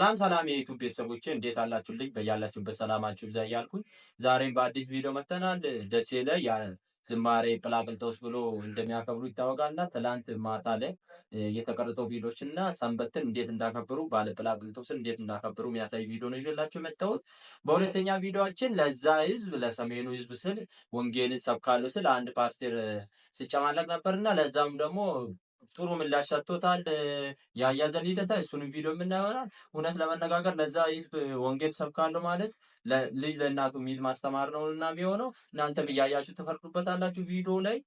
ሰላም ሰላም የዩቱብ ቤተሰቦች እንዴት ልጅ በያላችሁበት ሰላማችሁ ብዛ እያልኩኝ ዛሬም በአዲስ ቪዲዮ መጥተናል። ደሴ ላይ ዝማሬ ጵላቅልጦስ ብሎ እንደሚያከብሩ ይታወቃል እና ትላንት ማታ ላይ የተቀረጠው ቪዲዮች እና ሰንበትን እንዴት እንዳከብሩ ባለ ጵላቅልጦስን እንዴት እንዳከብሩ የሚያሳይ ቪዲዮ ነው ይዤላችሁ መጣሁት። በሁለተኛ ቪዲዮችን ለዛ ህዝብ ለሰሜኑ ህዝብ ስል ወንጌልን ሰብካለሁ ስል አንድ ፓስቴር ስጨማለቅ ነበር እና ለዛም ደግሞ ጥሩ ምላሽ ሰጥቶታል። የአያዘን ሂደታ እሱን ቪዲዮ የምናየሆናል። እውነት ለመነጋገር ለዛ ህዝብ ወንጌል ሰብካለሁ ማለት ልጅ ለእናቱ ሚል ማስተማር ነው እና የሚሆነው እናንተም እያያችሁ ትፈርዱበታላችሁ ቪዲዮ ላይ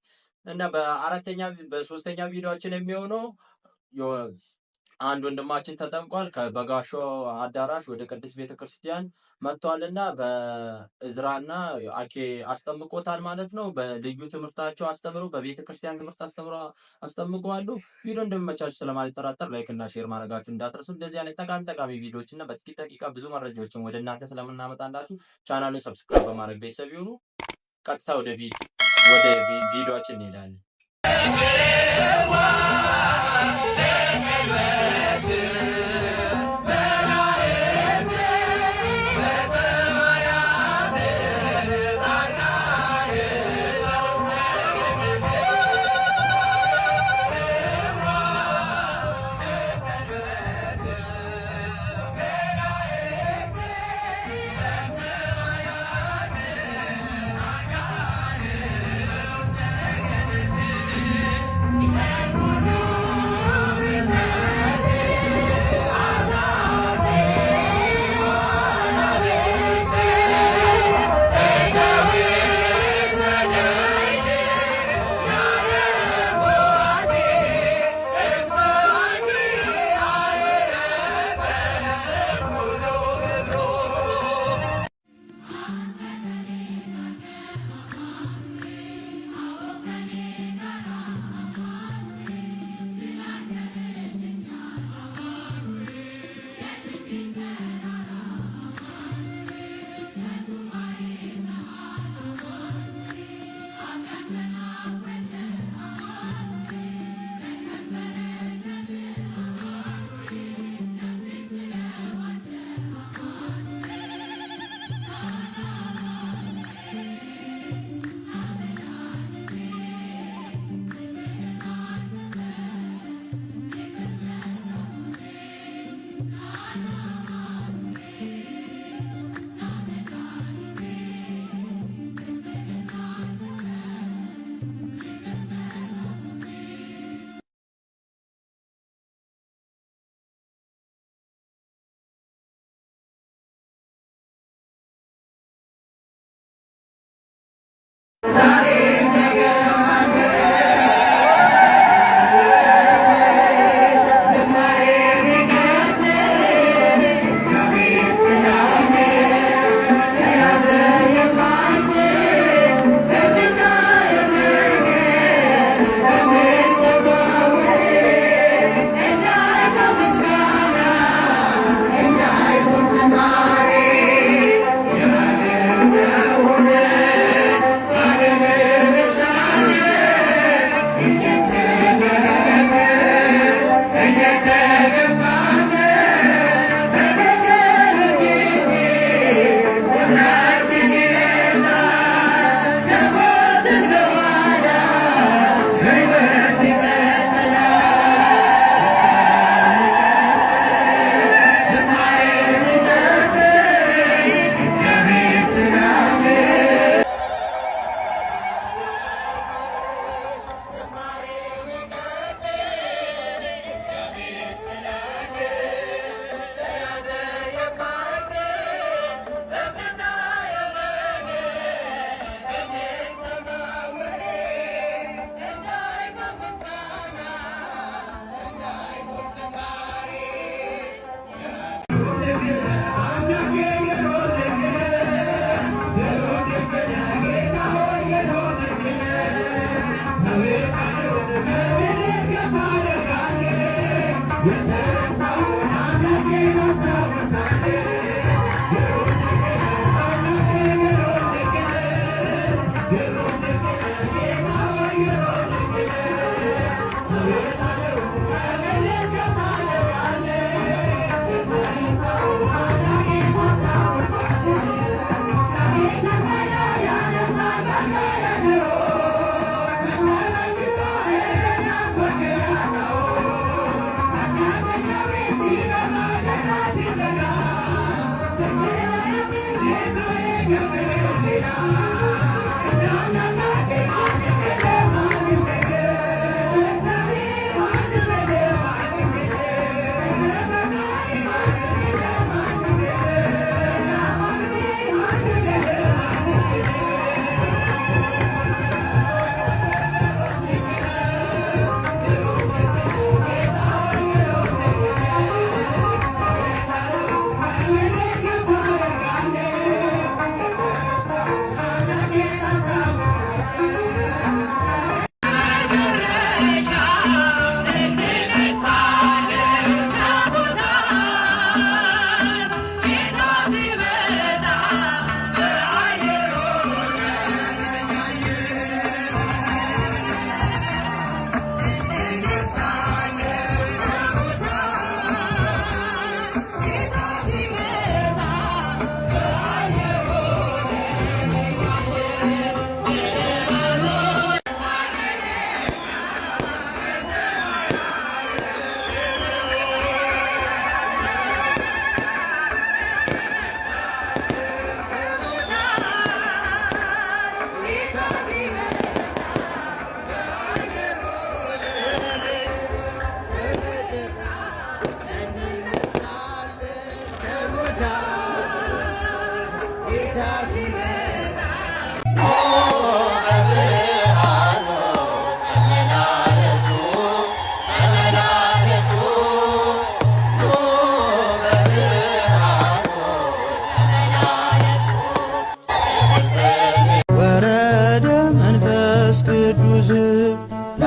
እና በአራተኛ በሶስተኛ ቪዲዮችን የሚሆነው አንድ ወንድማችን ተጠምቋል። ከበጋሾ አዳራሽ ወደ ቅድስት ቤተ ክርስቲያን መጥቷልና በእዝራና አኬ አስጠምቆታል ማለት ነው። በልዩ ትምህርታቸው አስተምረው በቤተ ክርስቲያን ትምህርት አስተምሮ አስጠምቀዋሉ። ቪዲዮ እንደሚመቻችሁ ስለማልጠራጠር እና ሼር ማድረጋችሁ እንዳትረሱ። እንደዚህ አይነት ጠቃሚ ጠቃሚ ቪዲዮዎች እና በጥቂት ደቂቃ ብዙ መረጃዎችን ወደ እናንተ ስለምናመጣላችሁ ቻናሉን ሰብስክራይብ በማድረግ ቤተሰብ ይሁኑ። ቀጥታ ወደ ቪዲዮችን እንሄዳለን። ለሰንበት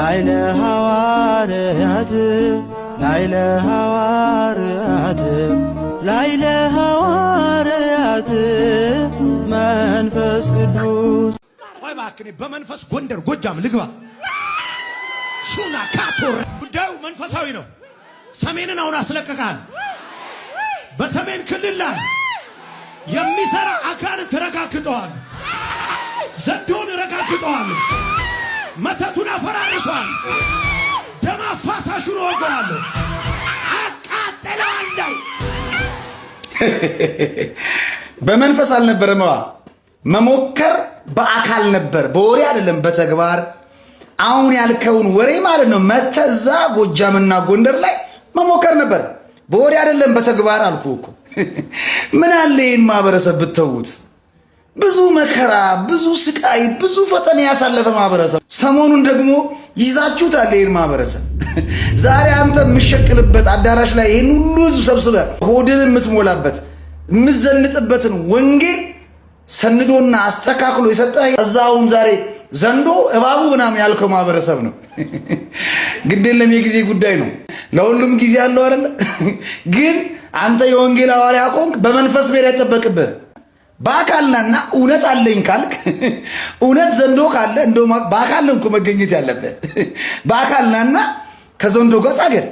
ላይለ ሐዋርያት ላይለ ሐዋርያት ላይለ ሐዋርያት መንፈስ ቅዱስ ቆይ እባክህ በመንፈስ ጎንደር ጎጃም ልግባ ሹና ካቶር ጉዳዩ መንፈሳዊ ነው። ሰሜንን አሁን አስለቀቃል። በሰሜን ክልል ላይ የሚሰራ አካልን ትረጋግጠዋል። ዘንዶን ረጋግጠዋል። መተቱን አፈራርሷል። ደም አፋሳሹን እወገዋለሁ፣ አቃጥለዋለሁ። በመንፈስ አልነበረም። መሞከር በአካል ነበር፣ በወሬ አይደለም፣ በተግባር አሁን ያልከውን ወሬ ማለት ነው። መተዛ ጎጃምና ጎንደር ላይ መሞከር ነበር፣ በወሬ አይደለም፣ በተግባር አልኩ እኮ። ምን አለ ይህን ማህበረሰብ ብትተዉት። ብዙ መከራ፣ ብዙ ስቃይ፣ ብዙ ፈተና ያሳለፈ ማህበረሰብ። ሰሞኑን ደግሞ ይዛችሁታል ይህን ማህበረሰብ። ዛሬ አንተ የምሸቅልበት አዳራሽ ላይ ይህን ሁሉ ህዝብ ሰብስበ ሆድን የምትሞላበት የምዘንጥበትን ወንጌል ሰንዶና አስተካክሎ የሰጠ እዛውም ዛሬ ዘንዶ እባቡ ምናምን ያልከው ማህበረሰብ ነው። ግድ የለም የጊዜ ጉዳይ ነው። ለሁሉም ጊዜ አለው አይደለ? ግን አንተ የወንጌል ሐዋርያ ኮንክ በመንፈስ መሄድ አይጠበቅብህ በአካልናና እውነት አለኝ ካልክ እውነት ዘንዶ ካለ እንደ በአካል ነው እኮ መገኘት ያለበት። በአካልናና ከዘንዶ ጋር ታገል።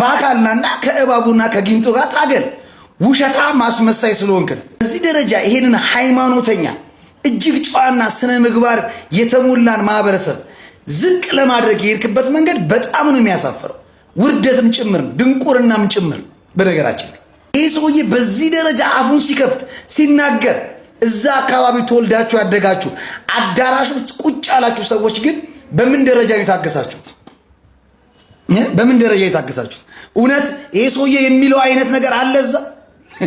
በአካልናና ከእባቡና ከጊንጦ ጋር ታገል። ውሸታ ማስመሳይ ስለሆንክ ነው። እዚህ ደረጃ ይሄንን ሃይማኖተኛ እጅግ ጨዋና ስነ ምግባር የተሞላን ማህበረሰብ ዝቅ ለማድረግ የሄድክበት መንገድ በጣም ነው የሚያሳፍረው። ውርደትም ጭምር ነው፣ ድንቁርናም ጭምር በነገራችን ላይ ይህ ሰውዬ በዚህ ደረጃ አፉን ሲከፍት ሲናገር፣ እዛ አካባቢ ተወልዳችሁ ያደጋችሁ አዳራሾች ቁጭ ያላችሁ ሰዎች ግን በምን ደረጃ የታገሳችሁት? በምን ደረጃ የታገሳችሁት? እውነት ይህ ሰውዬ የሚለው አይነት ነገር አለ እዛ?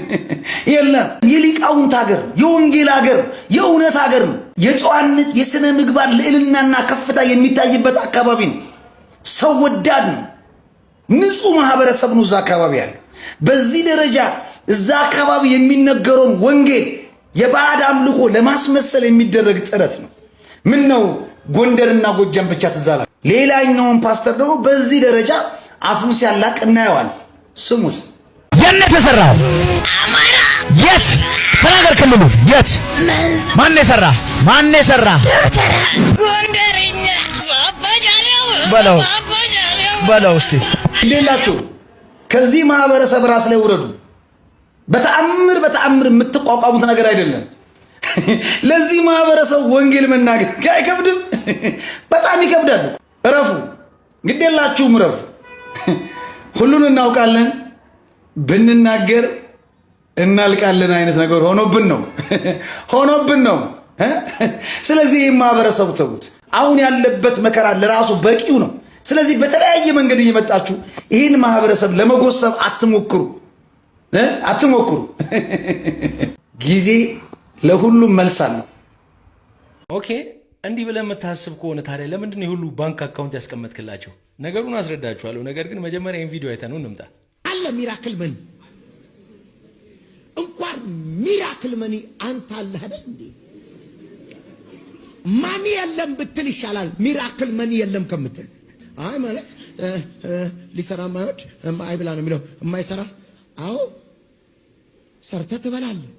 የለም። የሊቃውንት ሀገር፣ የወንጌል ሀገር፣ የእውነት ሀገር ነው። የጨዋነት የሥነ ምግባር ልዕልናና ከፍታ የሚታይበት አካባቢ ነው። ሰው ወዳድ ነው። ንጹህ ማህበረሰብ ነው እዛ አካባቢ ያለ በዚህ ደረጃ እዛ አካባቢ የሚነገረውን ወንጌል የባዕድ አምልኮ ለማስመሰል የሚደረግ ጥረት ነው። ምን ነው ጎንደርና ጎጃም ብቻ ትዛላ። ሌላኛውን ፓስተር ደግሞ በዚህ ደረጃ አፉን ሲያላቅ እናየዋል። ስሙስ የነ የተሰራው የት ተናገር። ክልሉ የት ማን የሰራ ማን የሰራ በለው በለው እስቲ እንዴላችሁ ከዚህ ማህበረሰብ ራስ ላይ ውረዱ። በተአምር በተአምር የምትቋቋሙት ነገር አይደለም። ለዚህ ማህበረሰብ ወንጌል መናገር አይከብድም? በጣም ይከብዳል። እረፉ፣ ግዴላችሁም፣ እረፉ። ሁሉን እናውቃለን ብንናገር እናልቃለን አይነት ነገር ሆኖብን ነው ሆኖብን ነው። ስለዚህ ይህ ማህበረሰቡ ተዉት። አሁን ያለበት መከራ ለራሱ በቂው ነው። ስለዚህ በተለያየ መንገድ እየመጣችሁ ይህን ማህበረሰብ ለመጎሰብ አትሞክሩ አትሞክሩ። ጊዜ ለሁሉም መልስ አለው። ኦኬ እንዲህ ብለህ የምታስብ ከሆነ ታዲያ ለምንድን የሁሉ ባንክ አካውንት ያስቀመጥክላቸው? ነገሩን አስረዳችኋለሁ። ነገር ግን መጀመሪያ ይህን ቪዲዮ አይተነው እንምጣ። አለ ሚራክል መኒ እንኳን ሚራክል መኒ አንተ አለህ አይደል እንዴ? ማን የለም ብትል ይሻላል ሚራክል መኒ የለም ከምትል አይ ማለት ሊሰራ የማይወድ አይ ብላ ነው የሚለው የማይሰራ አዎ ሰርተ ትበላለህ።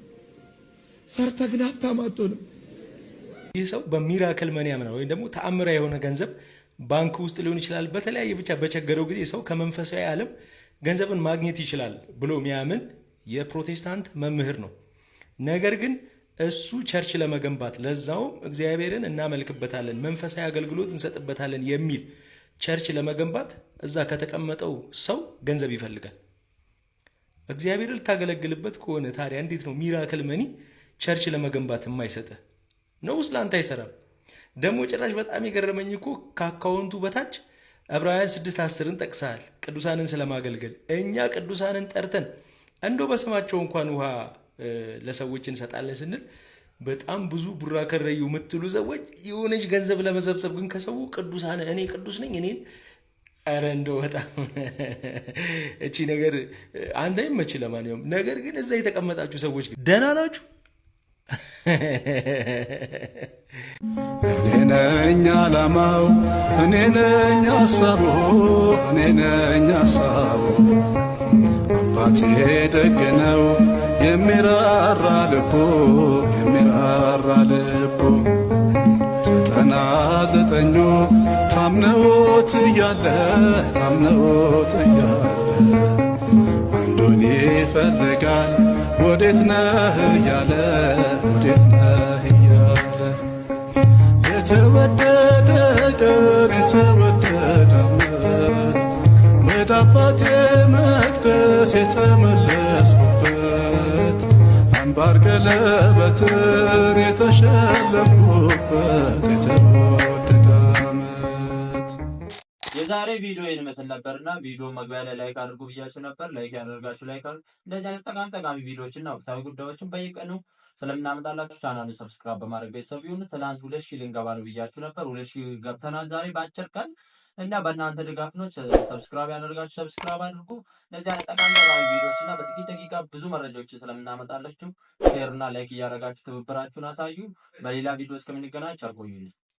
ሰርተ ግን ሀብታም አትሆንም። ይህ ሰው በሚራክል መን ያምናል ወይም ደግሞ ተአምራ የሆነ ገንዘብ ባንክ ውስጥ ሊሆን ይችላል። በተለያየ ብቻ በቸገረው ጊዜ ሰው ከመንፈሳዊ ዓለም ገንዘብን ማግኘት ይችላል ብሎ የሚያምን የፕሮቴስታንት መምህር ነው። ነገር ግን እሱ ቸርች ለመገንባት ለዛውም እግዚአብሔርን እናመልክበታለን፣ መንፈሳዊ አገልግሎት እንሰጥበታለን የሚል ቸርች ለመገንባት እዛ ከተቀመጠው ሰው ገንዘብ ይፈልጋል። እግዚአብሔር ልታገለግልበት ከሆነ ታዲያ እንዴት ነው ሚራክል መኒ ቸርች ለመገንባት የማይሰጠ ነውስ ለአንተ አይሰራም? ደግሞ ጭራሽ በጣም የገረመኝ እኮ ከአካውንቱ በታች ዕብራውያን ስድስት አስርን ጠቅሰሃል፣ ቅዱሳንን ስለማገልገል። እኛ ቅዱሳንን ጠርተን እንደው በስማቸው እንኳን ውሃ ለሰዎች እንሰጣለን ስንል በጣም ብዙ ቡራ ከረዩ የምትሉ ሰዎች የሆነች ገንዘብ ለመሰብሰብ ግን ከሰው ቅዱስ አለ እኔ ቅዱስ ነኝ እኔን ኧረ እንደው በጣም እቺ ነገር አንተ ይመች። ለማንኛውም ነገር ግን እዛ የተቀመጣችሁ ሰዎች ግን ደህና ናችሁ? እኔ ነኝ አላማው፣ እኔ ነኝ ሀሳቡ፣ እኔ ነኝ ሀሳቡ አባቴ ደግ ነው። የሚራራ ልቦ የሚራራ ልቦ ዘጠና ዘጠኙ ታምነውት እያለ ታምነውት እያለ አንዱን ይፈልጋል ወዴት ነህ እያለ ወዴት ነህ እያለ የተወደደ ቀን የተወደደ ዓመት ወደ አባቴ መቅደስ የተመለስኩ የግንባር ቀለበትን የተሸለምኩበት የተወደደ ዓመት የዛሬ ቪዲዮ ይህን ይመስል ነበርና ቪዲዮ መግቢያ ላይ ላይክ አድርጉ ብያችሁ ነበር። ላይክ ያደርጋችሁ ላይክ አድርጉ። እንደዚህ አይነት ጠቃሚ ጠቃሚ ቪዲዮዎችና ወቅታዊ ጉዳዮችን በየቀኑ ስለምናመጣላችሁ ቻናሉን ሰብስክራይብ በማድረግ ቤተሰብ ይሁኑ። ትናንት ሁለት ሺህ ልንገባ ነው ብያችሁ ነበር። ሁለት ሺህ ገብተናል ዛሬ በአጭር ቀን እና በእናንተ ድጋፍ ነው። ሰብስክራይብ ያደርጋችሁ ሰብስክራይብ አድርጉ። እነዚህ አይነት ጠቃሚ ቪዲዮዎች እና በጥቂት ደቂቃ ብዙ መረጃዎችን ስለምናመጣላችሁ ሼር እና ላይክ እያደረጋችሁ ትብብራችሁን አሳዩ። በሌላ ቪዲዮ እስከምንገናኝ ቸር ቆዩልኝ።